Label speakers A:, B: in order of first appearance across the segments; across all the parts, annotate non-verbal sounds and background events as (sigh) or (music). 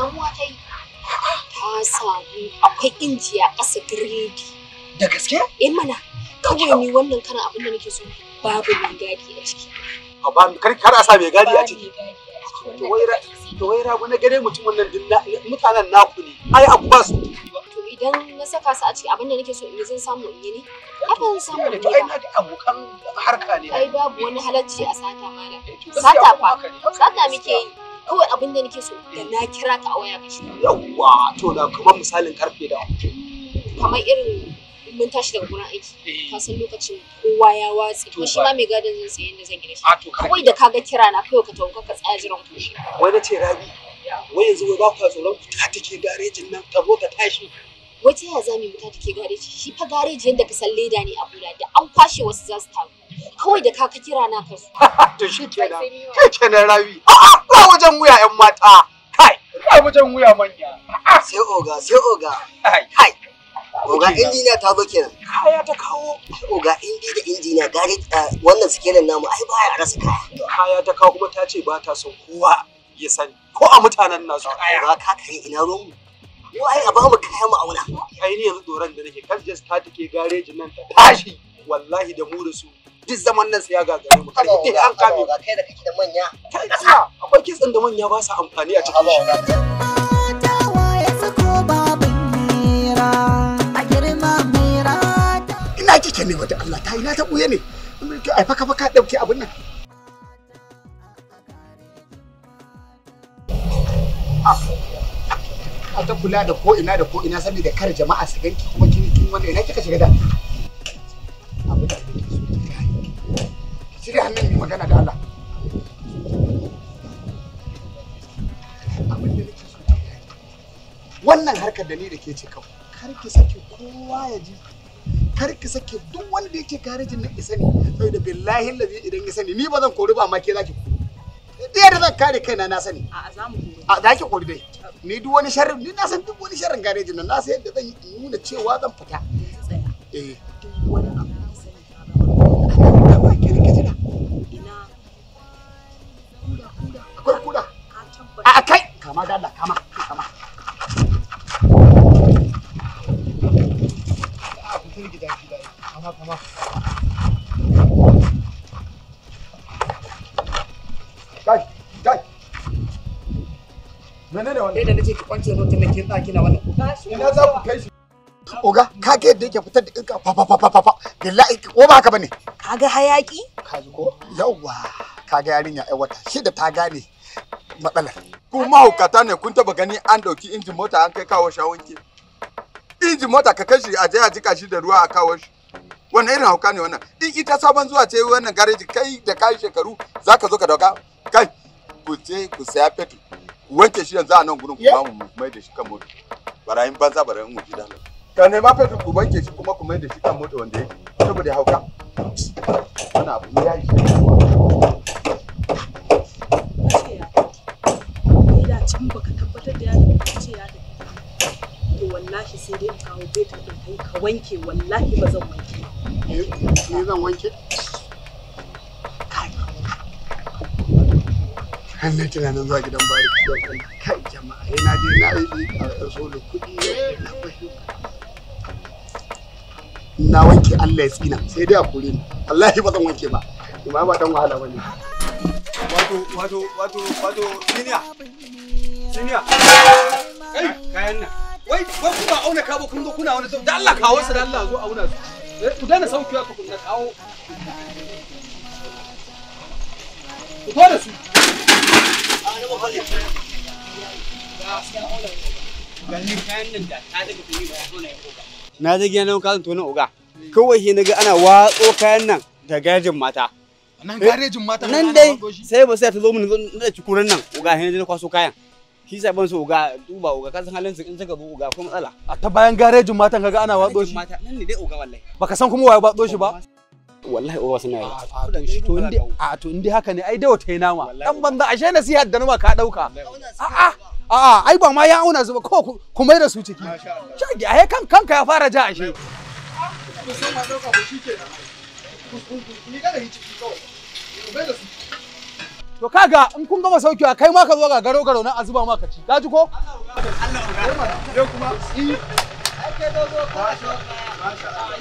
A: samuwa ta yi ta samu akwai inji a ƙasa biredi da gaske eh mana kawai ni wannan karan abin da nake so babu mai gadi a ciki ba kar kar a sa mai gadi a ciki
B: to wai rago na gare mutum wannan mutanen naku ne ai abu ba su to
A: idan na saka su a ciki abin da nake so in zan samu in yi ne abin samu ne ai na abokan harka ne ai babu wani halacci a sata mana eh, sata fa sata muke yi kawai abin da nake so da na kira ka a waya ka shi
B: yawa to da kuma misalin
A: karfe da kamar irin mun tashi daga gurin aiki eh. ka san lokacin kowa ya watsi. ko shi ma mai gadin zan sayi da zan gina shi ah, kawai da kaga kira na kai ka tawo ka tsaya jiran ku
B: wai nace ce rabi wai yanzu wai ba ku tsoron ta take garejin nan ka zo ka tashi
A: wai ta yaya za mu ta take gareji shi fa gareji yadda ka san leda ne a bula da an kwashe wasu za su taru kawai da ka kira na kai (laughs)
B: to shi kenan kai kenan rabi ba wajen wuya yan mata kai ba wajen wuya manya sai oga sai oga kai oga injiniya ta zo kenan kaya ta kawo oga indi da injiniya gari wannan sikelin namu ai ya rasa kaya kaya ta kawo kuma ta ce ba ta son kowa ya sani ko a mutanen nasu oga ka kai ina ruwan mu ai a ba mu kaya mu auna ai ne yanzu doran da nake kan just ta take garejin nan ta tashi wallahi da mu da su duk zaman nan sai ya gagare mu karfi dai an kame ba
C: kai da kake da manya kai tsaya akwai
B: kitsin da manya ba su amfani a cikin
D: shi ina kike ne wata Allah ta yi na ta buye ne ai faka faka dauke abin nan ah. a ta kula da ko'ina da ko'ina da kar jama'a su ganki kuma kin wannan ina kika shiga da abin cire hannun magana da Allah wannan harkar da ni da ke ce kawai kar ki sake kowa ya ji kar ki sake duk wanda yake garejin nan ne, sau da billahi lafi idan isa ne, ni ba zan kori ba amma ke zaki kori ɗaya da zan kare kaina na sani
A: a za mu kori
D: a za ki kori dai ni duk wani sharrin ni na san duk wani sharrin garejin nan na san yadda zan nuna cewa zan fita eh a kai kama da Allah kama kama ah,
E: kama kama kai kai
D: kai yadda yake fitar da kanka fa fa fa fa fa billahi ko ba haka bane
F: kaga hayaki kaji ko yawwa kaga yarinya ai wata shida ta gane matsalar ku hukata ne kun taba gani an dauki injin mota an kai kawo shi wanke injin mota ka kashi a jaya jika shi da ruwa a kawo shi wannan irin hauka ne wannan in ita sabon zuwa ce wannan gareji kai da kai shekaru zaka zo ka dauka kai ku je ku saya fetur wanke shi yanzu a nan gurin ku ba mu mai da shi kan mota barayin banza barayin mu da ka nema fetur ku wanke shi kuma ku mai da shi kan mota wanda yake saboda hauka wannan abu ya yi shi
A: yana can baka tabbatar da ya tafi ce ya tafi to wallahi sai dai kawo beta din kai ka wanke wallahi ba zan wanke eh ne zan wanke
F: kan na tunanin zuwa gidan bari kai jama'a yana je na yi a solo kuɗi na fahimta
D: na wanke Allah ya tsina sai dai a kore ni
F: wallahi ba zan wanke ba imam ba dan wahala bane
D: wato wato wato wato
B: senior Junior. Kai kayan nan. Wai wai kuma auna kabo kun zo kuna wani sau. Da Allah kawo su da Allah zo auna su. Eh, ku dana kawo. Ku su.
C: Na je gidan nan kalin oga. Kawai he naga ana watso kayan nan da gajin mata.
E: Nan garejin
C: mata eh, nan dai sai ba sai ta zo mun da cikurin nan oga he na kwaso kayan. shi sai ban so ga duba uga kasan halin su in suka bu uga ko matsala a
B: ta bayan garejin matan kaga ana watso shi mata
C: nan ne dai uga wallahi
B: baka san kuma waye watso shi ba wallahi uwa suna yi to indi a to indi haka ne ai dawo wata yi nama dan banza ashe nasihar da nama ka dauka a'a a'a ai ba ma ya auna su ba ko ku mai da su ciki shagi ai kan kanka ya fara ja ashe ku san ma dauka ba shikenan ni kada hi ciki kawai ku mai da su to kaga in kun gama saukewa kai ma ka zo ga garo garo na azuba zuba maka ci ka ji ko eh. Allah ya uga kuma i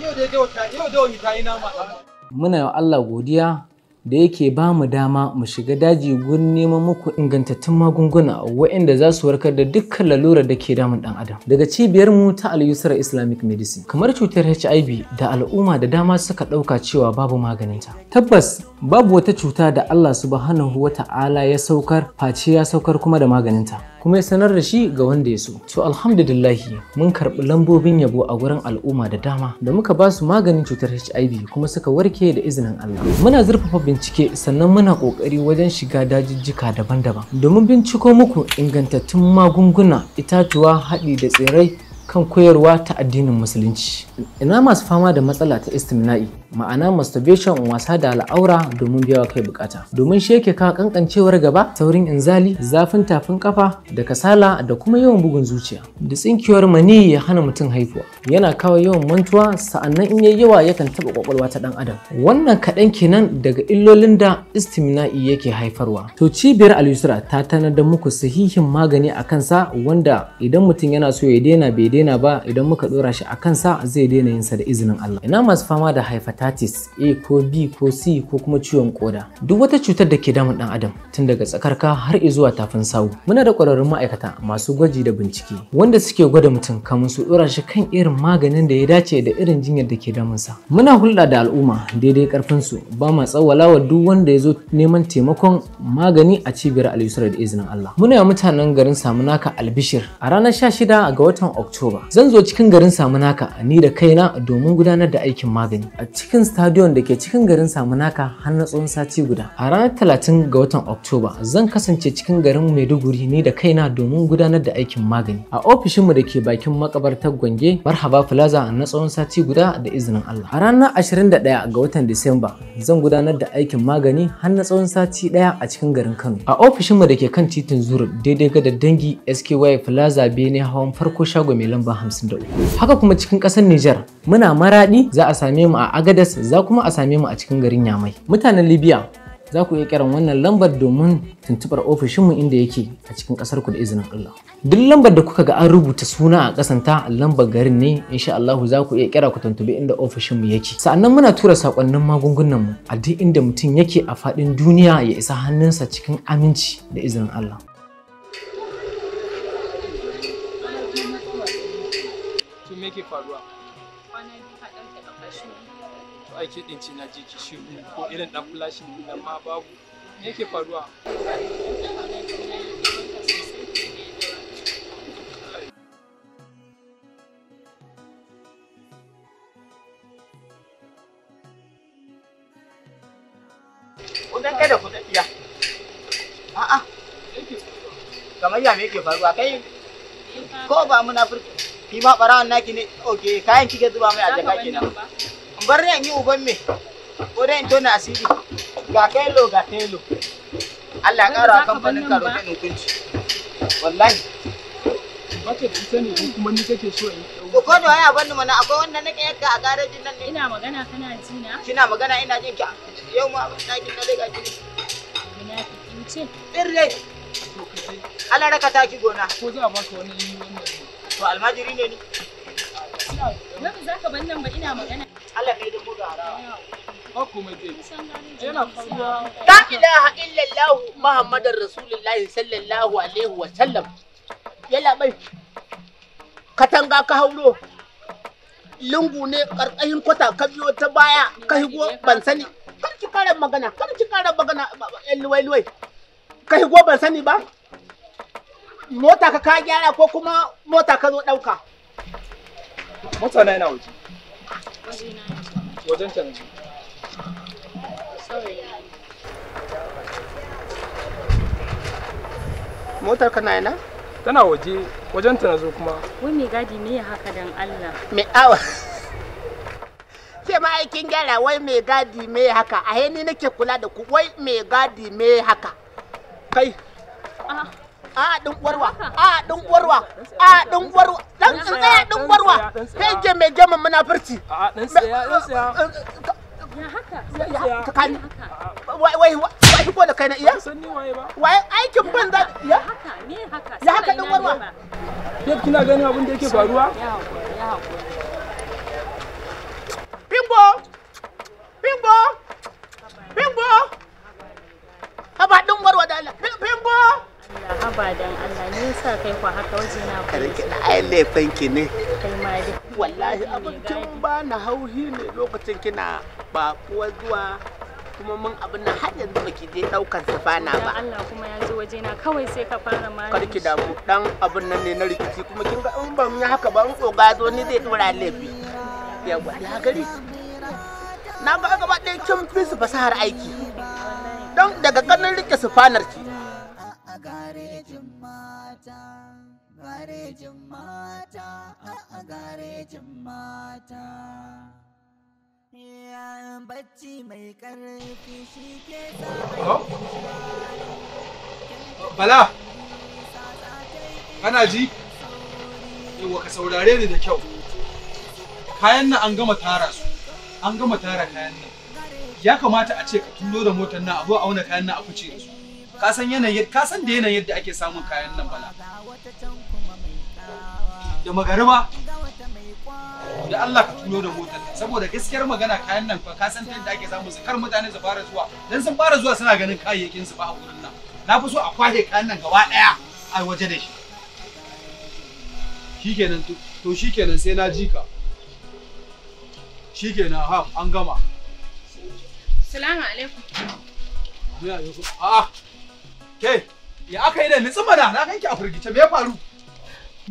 B: yau dai wata yau dai wani ta ina ma
G: muna Allah godiya da yake ba mu dama mu shiga daji gurin neman muku ingantattun magunguna waɗanda za su warkar da dukkan lalurar da ke damun ɗan adam daga cibiyar mu ta al islamic medicine kamar cutar hiv da al'umma da dama suka ɗauka cewa babu maganinta tabbas babu wata cuta da allah subhanahu wa ta'ala ya saukar face ya saukar kuma da maganinta kuma ya sanar da shi ga wanda ya so. To alhamdulillahi mun karɓi lambobin yabo a wurin al'umma da dama da muka ba su maganin cutar HIV kuma suka warke da izinin Allah. Muna zurfafa bincike sannan muna ƙoƙari wajen shiga dajijjika daban-daban domin binciko muku ingantattun magunguna, itatuwa, haɗi da tsirrai. kan koyarwa ta addinin musulunci. Ina masu fama da matsala ta istimna'i ma'ana masturbation wasa da al'aura domin biyawa kai bukata. Domin shi yake kankancewar gaba, saurin inzali, zafin tafin kafa da kasala da kuma yawan bugun zuciya. Da tsinkiyar mani ya hana mutum haifuwa. Yana kawo yawan mantuwa sa'annan in yayi yawa yakan taba kwakwalwa ta dan adam. Wannan kaɗan kenan daga illolin da istimna'i yake haifarwa. To cibiyar al ta tanar da muku sahihin magani akan sa wanda idan mutum yana so ya daina bai daina ba idan muka dora shi a kansa zai daina yinsa da izinin Allah ina masu fama da hepatitis A ko B ko C ko kuma ciwon koda duk wata cutar da ke damun dan adam tun daga tsakarka har zuwa tafin sawu muna da kwararrun ma'aikata masu gwaji da bincike wanda suke gwada mutum kamun su dora shi kan irin maganin da ya dace da irin jinyar da ke sa muna hulɗa da al'umma daidai karfin su ba ma tsawala wa duk wanda ya zo neman taimakon magani a cibiyar al da izinin Allah muna mutanen garin Samunaka Albishir a ranar 16 ga watan Oktoba ba. Zan zo cikin garin Samunaka ni da kaina domin gudanar da aikin magani a cikin stadion da ke cikin garin Samunaka har na tsawon sati guda. A ranar 30 ga watan Oktoba zan kasance cikin garin Maiduguri ni da kaina domin gudanar da aikin magani. A ofishinmu da ke bakin makabartar Gwange Marhaba Plaza na tsawon sati guda da izinin Allah. A ranar 21 ga watan Disamba zan gudanar da aikin magani har na tsawon sati daya a cikin garin Kano. A ofishinmu da ke kan titin Zuru daidai ga dangi SKY Plaza Bene hawan farko shago mai lamba 53 haka kuma cikin ƙasar Nijar muna maradi za a same mu a Agadas za kuma a same mu a cikin garin Yamai mutanen Libya za ku iya kiran wannan lambar domin tuntubar ofishinmu inda yake a cikin ƙasarku. ku da izinin Allah. Duk lambar da kuka ga an rubuta suna a ƙasanta lambar garin ne insha Allah za ku iya kira ku tuntubi inda mu yake. Sa'annan muna tura sakonnin magungunan mu a duk inda mutum yake a fadin duniya ya isa hannunsa cikin aminci da izinin Allah.
B: yake faruwa
E: kwana biyu ka ɗan taɓa fashin
B: to ai ke na je ki
E: ko irin ɗan ne nan ma babu me yake faruwa
C: Kudan kada kudan iya. A'a. Kamar ya me yake faruwa kai ko ba muna furta? Kima, ma barawan naki ne oke kayan kike zuba mai a jaka kenan bar ni yi uban me ko dai in tona asiri ga kailo ga kailo Allah ya kara kamfanin karo da mutunci wallahi
E: bace da ita ne kuma ni kake so in
C: ko ko da ya bani mana akwai wanda nake yakka a garejin nan ne ina magana kana ji na kina magana ina jin ki yau ma abin kin na daga ki ina ki ce irre Allah raka taki gona ko za a baka wani To almajiri ne ni.
E: Yau za ka ban nan ba ina magana. Allah kai da buga harawa. Ba komai dai. Yana faruwa. La ilaha illallah Muhammadar Rasulullahi sallallahu alaihi wa sallam. Yalla bai. Katanga ka hauro. Lungu ne karkashin kwata ka biyo ta baya ka higo ban sani. Kar ki kara magana, kar ki kara magana, ƴan luwai-luwai. Ka higo ban sani ba? mota ka ka gyara ko kuma mota ka zo ɗauka?
B: Mota na yana waje. Wajen can
E: Motar ka na yana? Tana waje, wajen ta na zo kuma.
A: Wai mai gadi me ya haka
E: dan Allah? Me awa. (laughs) Ke ma aikin gyara wai mai gadi me haka, a ni nake kula da ku wai mai gadi me haka. Kai. Ah. a din uwarwa a din uwarwa a din uwarwa dan tsaya din uwarwa kai je mai gama muna furci a dan tsaya dan tsaya eh, eh, ya haka ka wai wai wai ko da kai na iya san ni waye ba waye aikin banza ya haka ne haka ya haka din uwarwa
F: yau kina ganin abin da yake faruwa
E: ya hakuri ya hakuri bimbo bimbo bimbo haba din uwarwa da Allah bimbo Allah haba Allah ne yasa kai ku haka waje na ku karki ai laifin ki ne kai ma dai wallahi abin ba na hauhi ne lokacin kina ba kuwa zuwa kuma mun abin na har yanzu baki je daukar safana ba
A: Allah kuma ya ji waje na kawai sai ka fara mani karki
E: damu dan abin nan ne na rikici kuma kin ga in ban yi haka ba in tsoga zo ni zai dora laifi yawa ya gari na ga gaba ɗaya kin fi su fasahar aiki don daga ganin rike sufanar ki
C: garejin mata garejin
G: mata a
C: garejin mata bacci
B: mai karfi shi ke Bala! Kana ji? Yawwa ka saurare ni da kyau. Kayan nan an gama tara su, an gama tara kayan nan. Ya kamata a ce ka tullo da motar nan a zo auna kayan nan a fice da su. ka san yanayin ka san da yanayin yadda ake samun kayan nan bala da magariba da Allah ka tuno da motar saboda gaskiyar magana kayan nan fa ka san ta yadda ake samun su kar mutane su fara zuwa dan sun fara zuwa suna ganin kayayyakin su ba a gurin nan na fi so a kwashe kayan nan gaba daya a waje da shi shikenan to shikenan sai na ji ka shikenan ha an gama
A: salamu alaikum
B: a'a Ke, ya aka yi da nitsi mana na ganki a firgice me ya faru?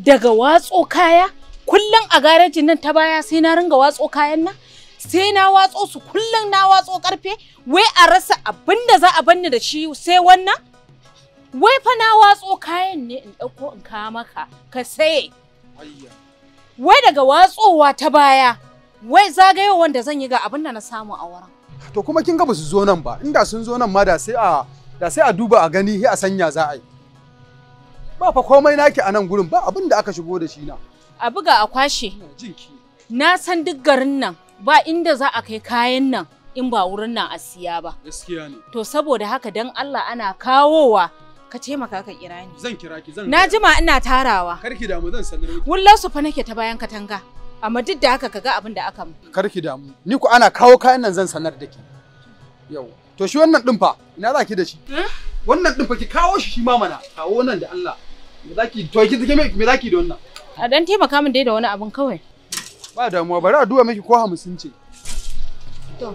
A: Daga watso kaya, kullum a garejin nan ta baya sai na ringa watso kayan nan. Sai na watso su kullum na watso karfe, wai a rasa abin da za a banni da shi sai wannan? Wai fa na watso kayan ne in ɗauko in kawo maka, ka saye. Wai daga watsowa ta baya, wai zagayowar da zan yi ga abin da na samu a wurin. To
B: kuma kin ga ba su zo nan ba, inda sun zo nan ma da sai a da sai a duba a gani a sanya za a yi ba fa komai naki a nan gurin ba abin da aka shigo da shi na
A: a buga a kwashe na san duk garin nan ba inda za a kai kayan nan in ba wurin nan a siya ba gaskiya ne to saboda haka dan Allah ana kawowa ka taimaka ka kira ni zan
B: kira ki zan na jima ina tarawa karki damu zan sanar ki
A: wallahi su fa nake ta bayan katanga amma duk da haka kaga abin da aka mu
B: karki damu ni ku ana kawo kayan nan zan sanar da ki yawa To shi wannan ɗin fa ina za ki da shi? Wannan ɗin fa ki kawo shi shi ma mana kawo nan da Allah. Me za ki to ki me za ki da wannan?
A: A dan taimaka min dai da wani abin kawai.
B: Ba damuwa bari a duba miki ko hamsin ce. To.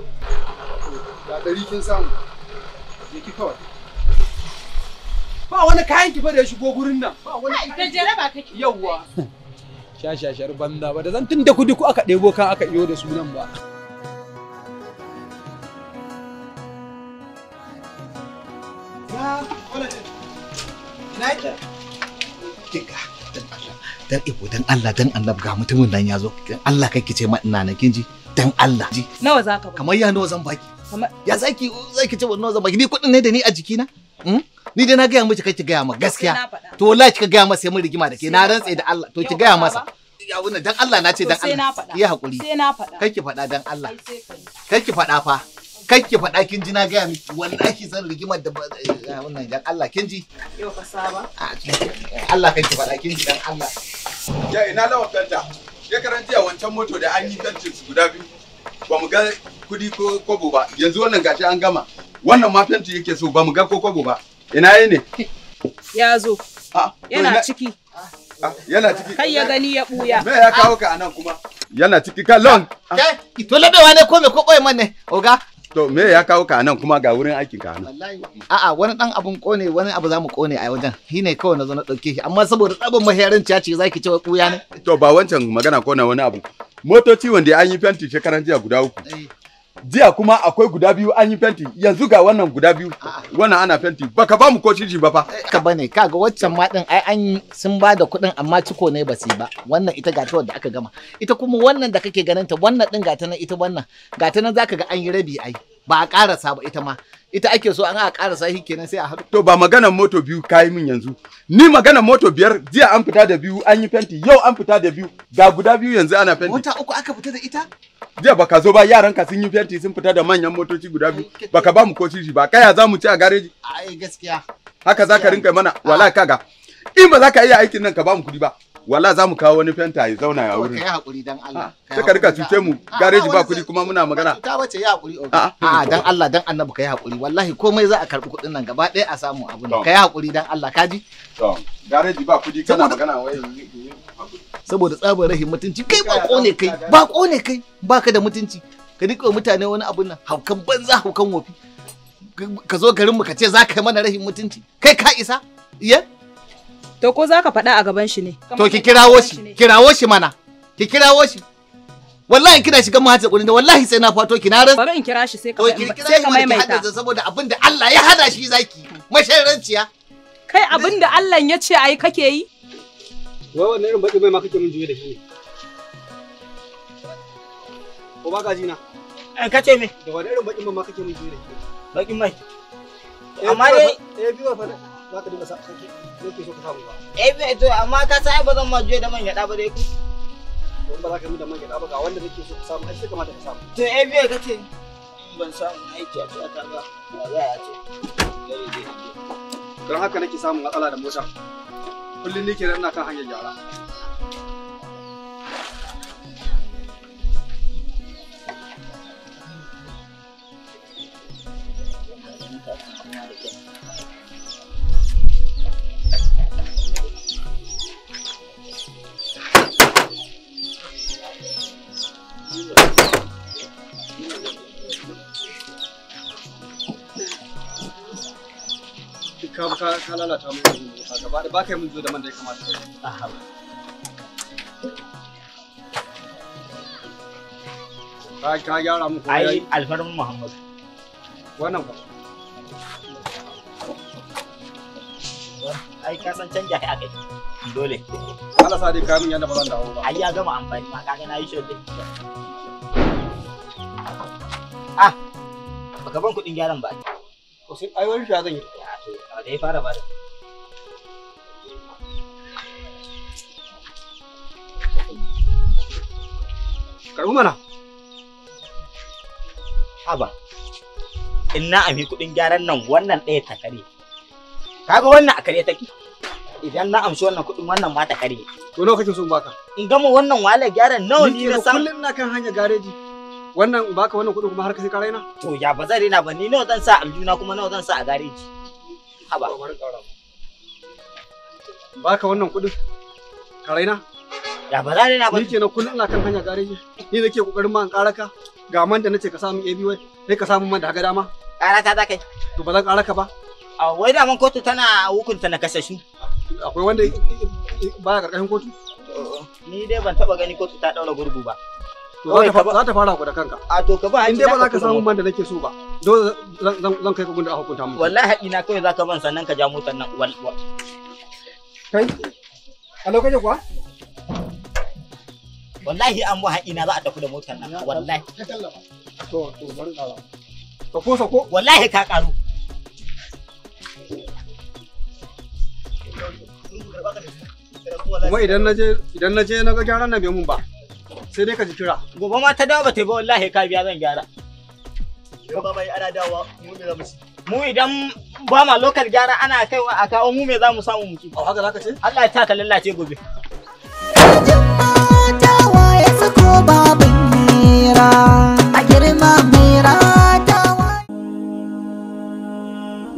B: Da ɗari kin samu. Je ki kawai. Ba wani kayan ki fa da ya shigo gurin nan.
A: Ba wani kayan. Ka jaraba kake. Yawwa. (laughs)
B: Sha sha shar banda ba da zan tun da kudi ko aka ɗebo kan aka iyo da sunan ba.
D: dan ibo dan Allah dan Allah ga mutumin nan ya zo Allah kai ki ce ma ina nan kinji dan Allah ji nawa zaka ba kamar ya nawa zan baki ya zaki zaki ce nawa zan baki ni kudin ne da ni a jikina hmm? ni dai na gaya miki kai ki gaya ma gaskiya to wallahi kika gaya masa sai mun rigima da ke na rantse da Allah to ki gaya masa ya wannan dan Allah na ce dan Allah ya hakuri sai na faɗa kai ki faɗa dan Allah kai ki faɗa fa kai faɗa kin ji na gaya miki wallahi zan rigimar da wannan eh, dan Allah kin ji
F: yau ka saba ah, Allah kake
D: faɗa kin ji dan Allah
F: ya ina lawa kanta ya karanta wancan moto da an yi fentin su guda biyu ba mu ga kudi ko kobo ba yanzu wannan gashi an gama wannan ma fenti yake so ba mu ga ko kobo ba ina yi ne
A: ya zo yana ciki yana ciki kai ya gani ya buya me ya kawo ka
F: anan kuma
D: yana ciki kallon ito labewa ne ko me ko boye man ne oga To
F: me ya kawo ka nan kuma ga wurin aikin ka nan.
D: A'a wani dan abun kone wani abu zamu kone a wajen.
F: Shi ne kawai na zo na dauke shi amma saboda tsabin mahiyarin ce zaki ce kuya ne. To ba wancan magana kona wani abu. Motoci wanda an yi fenti shekaran jiya guda uku. Eh. jiya kuma akwai guda biyu an yi fenti yanzu ga wannan guda biyu wannan ana fenti baka ba mu ko shi ba fa ka bane
D: kaga waccan ma din ai an sun ba da kuɗin amma ciko ne ba sai ba wannan ita gata da aka gama ita kuma wannan da kake ganin ta wannan din gata nan ita wannan gata nan zaka ga an yi rabi ai ba a karasa ba ita ma ita ake so an a karasa shi kenan sai a haɗu
F: to ba maganar moto biyu kayi min yanzu ni maganar moto biyar jiya an fita da biyu an yi fenti yau an fita da biyu ga guda biyu yanzu ana fenti mota
D: uku aka fita da ita
F: jiya baka zo ba yaran ka sun yi fenti sun fita da manyan motoci guda biyu baka ba mu koci ba kaya za mu ci a gareji
D: ai gaskiya
F: haka za ka rinka mana wala kaga in ba za ka iya aikin nan ka ba mu kuɗi ba wala za mu kawo wani fenta ya zauna ya wurin. Kai
D: hakuri dan Allah. Sai ah, ka rika cuce mu gareji ba kuɗi kuma muna magana. Ah, ah, ka wace ya hakuri A'a dan Allah dan Annabi kai hakuri wallahi komai za a karɓi kuɗin nan gaba ɗaya a samu abun ne. Kai hakuri dan Allah ka ji? To
F: gareji ba kuɗi kana magana wai
D: saboda tsabar rahin mutunci kai ba ne kai ba ne kai baka da mutunci ka rika mutane wani abun nan haukan banza haukan wofi ka zo garinmu ka ce za ka yi mana rahin mutunci kai ka isa iya To ko za ka faɗa a gaban shi ne? To ki kirawo shi, kirawo shi mana, ki kirawo shi. Wallahi kina shiga mu hajjar da wallahi sai na fato ki na ran. Bari in kira shi sai ka maimaita. Sai ka maimaita. Saboda abin da Allah ya hada shi zaki. Mashairanciya. Kai abin
A: da Allah ya ce ai kake yi?
B: Wai wannan irin baƙi mai ma kake min juye da shi ne.
A: Ko ba ka ji na? Ai eh, ka ce me? Da wannan irin baƙi mai ma
C: kake min juye da shi ne. Baƙin mai. Eh, Amma dai. Eh biwa fa za ka dinga sa. nake so ka to amma ka sai ba zan ma da man gyada ba dai ku don ba za ka yi da man gyada ba ga wanda nake so ka samu ai kamata ka samu to eh bai ka ce ban samu aiki a tuwata ba
F: ba za a ce
C: don haka nake samun matsala da mota kullum nake ina kan hanyar gyara ka ka lalata mun yanzu ka gaba da baka mun zo da man da ya kamata aha ka ka gyara mu ai wannan ba ai ka san canja kai akai dole Allah yanda ba zan dawo ba ai ya gama amfani ma kaga na yi ah baka ban gyaran ba ko sai ai wani shi zan yi da ya fara bada karɓi mana haba in na ami kuɗin gyaran nan wannan ɗaya ta kare kaga wannan a kare take idan na amshi wannan kuɗin wannan ma ta kare to nawa kake so baka in gama wannan wahalar gyaran nawa ni na samu kullun na kan hanya gareji wannan baka wannan kuɗin kuma har ka sai ka raina to ya ba zan raina ba ni nawa zan sa aljuna kuma nawa zan sa a gareji haba baka wannan kudin karaina ya ba za na ba ni kenan kullum ina kan hanya gareji ni nake kokarin ma an karaka ga man da nace ka samu ABY sai ka samu man da ga dama karata za kai to ba zan karaka ba a wai da man kotu tana hukunta na shi. akwai wanda baya karkashin kotu ni dai ban taba gani kotu ta daura gurgu ba za ta fara ku da kanka
B: a to ka ba in dai ba za ka samu man da nake so ba
C: dole zan kai ka gunda a hukunta mu wallahi haƙi na kawai za ka ban sannan ka ja motar nan wal kai a lokacin kuwa wallahi an mu haƙi na za a tafi da motar nan wallahi to to bari ƙara ka ko wallahi ka ƙaru kuma idan na je idan na je na ga gyaran nan bai mun ba sai dai ka ji kira gobe ma ta dawo ta ba wallahi ka biya zan gyara Yo ba bai ana dawa mu me za mu ci mu idan ba ma lokal gyara ana kaiwa a kawo mu me za mu samu mu ci a oh, haka zaka ce Allah ya taka lallace gobe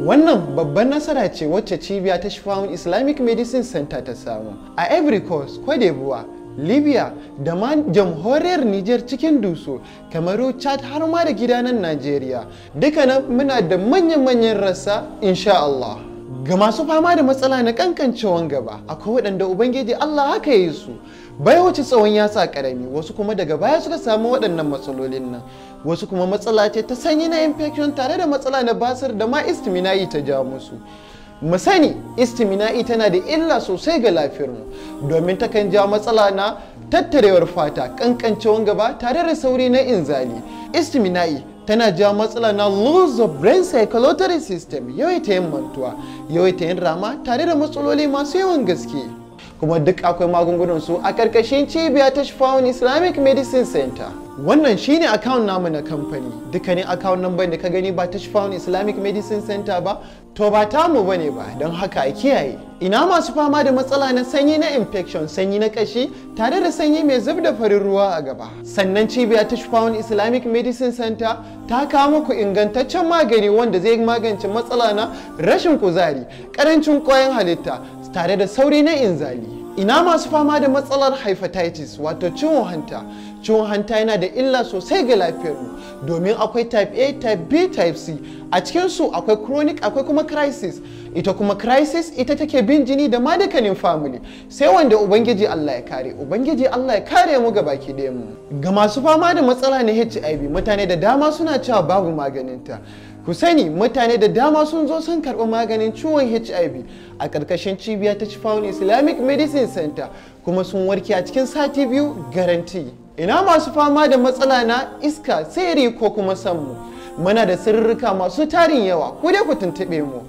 H: Wannan babban nasara ce wacce cibiya ta Shifawun Islamic Medicine Center ta samu a Ivory Coast, Cote d'Ivoire libya da ma jamhuriyar niger cikin duso kamaru chad har ma da gidanan najeriya duka muna da manyan-manyan rasa insha Allah. ga masu fama da matsala na kankancewan gaba akwai waɗanda ubangiji Allah haka ya yi su bai wuce tsawon yasa karami wasu kuma daga baya suka samu waɗannan matsalolin nan wasu kuma matsala ce ta sanyi na infection tare da matsala na basir da ma istimina'i ta ja musu mu sani istimina'i tana da illa sosai ga lafiyarmu domin takan ja matsala na tattarewar fata kankancewan gaba tare da sauri na inzali istimina'i tana ja matsala na lose of brain psychological system yawaita yin mantuwa yawaita yin rama tare da matsaloli masu yawan gaske kuma duk akwai magungunan su a karkashin cibiya ta Shifawan Islamic Medicine Center wannan shine account namu na kamfani dukkanin account number da ka gani ba ta Shifawun Islamic Medicine Center ba to ba tamu bane ba don haka a kiyaye ina masu fama da matsala na sanyi na infection sanyi na kashi tare da sanyi mai zub da farin ruwa a gaba sannan cibiya ta Shifawun Islamic Medicine Center ta kawo muku ingantaccen magani wanda zai magance matsala na rashin kuzari karancin kwayan halitta tare da sauri na inzali ina masu fama da matsalar hepatitis wato ciwon hanta ciwon hanta yana da illa sosai ga lafiyar mu domin akwai type a type b type c a cikinsu akwai chronic akwai kuma crisis ita kuma crisis ita take bin jini da madakanin family sai wanda ubangiji allah ya kare ubangiji allah ya kare mu ga baki ɗaya mu ga masu fama da matsala na hiv mutane da dama suna cewa babu maganinta ku sani mutane da dama sun zo sun karɓi maganin ciwon hiv a ƙarƙashin cibiya ta Chifawun islamic medicine center kuma sun warke a cikin sati biyu garanti ina masu fama da matsala na iska tsere ko kuma sanmu muna da sirrika masu tarin yawa ko dai ku tuntuɓe mu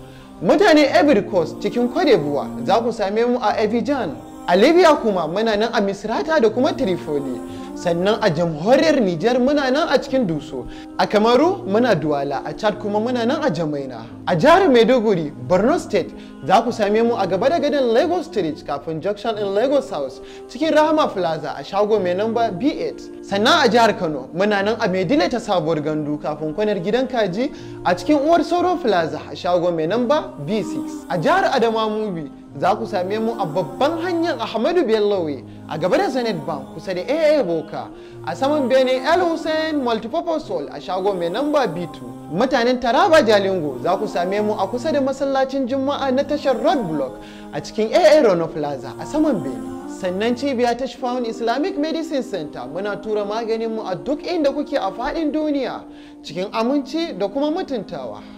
H: mutane ivory coast cikin kwadebuwa za ku same mu a abidjan a libya kuma muna nan a misrata da kuma trifoli sannan a jamhuriyar Nijar muna nan a cikin Duso a Kamaru muna Duwala a Chad kuma muna nan a Jamaina a jihar Maiduguri Borno State za ku same mu a gaba da gadon Lagos Street kafin Junction in Lagos House cikin Rahama Plaza a shago mai namba B8 sannan a jihar Kano muna nan a Maidile ta sabuwar gandu kafin kwanar gidan kaji a cikin Uwar Soro Plaza a shago mai namba B6 a jihar Adamawa Mubi za ku same mu a babban hanyar Ahmadu Bellowe a gaba da Zenith Bank kusa da AA Boka a saman Bene El Hussein Multipurpose Hall a shago mai namba B2. Mutanen Taraba Jalingo za ku same mu a kusa da masallacin Juma'a na tashar Road Block a cikin AA Rono Plaza a saman Bene. sannan cibiya ta Shifawun Islamic Medicine Center muna tura maganinmu a duk inda kuke a faɗin duniya cikin aminci da kuma mutuntawa.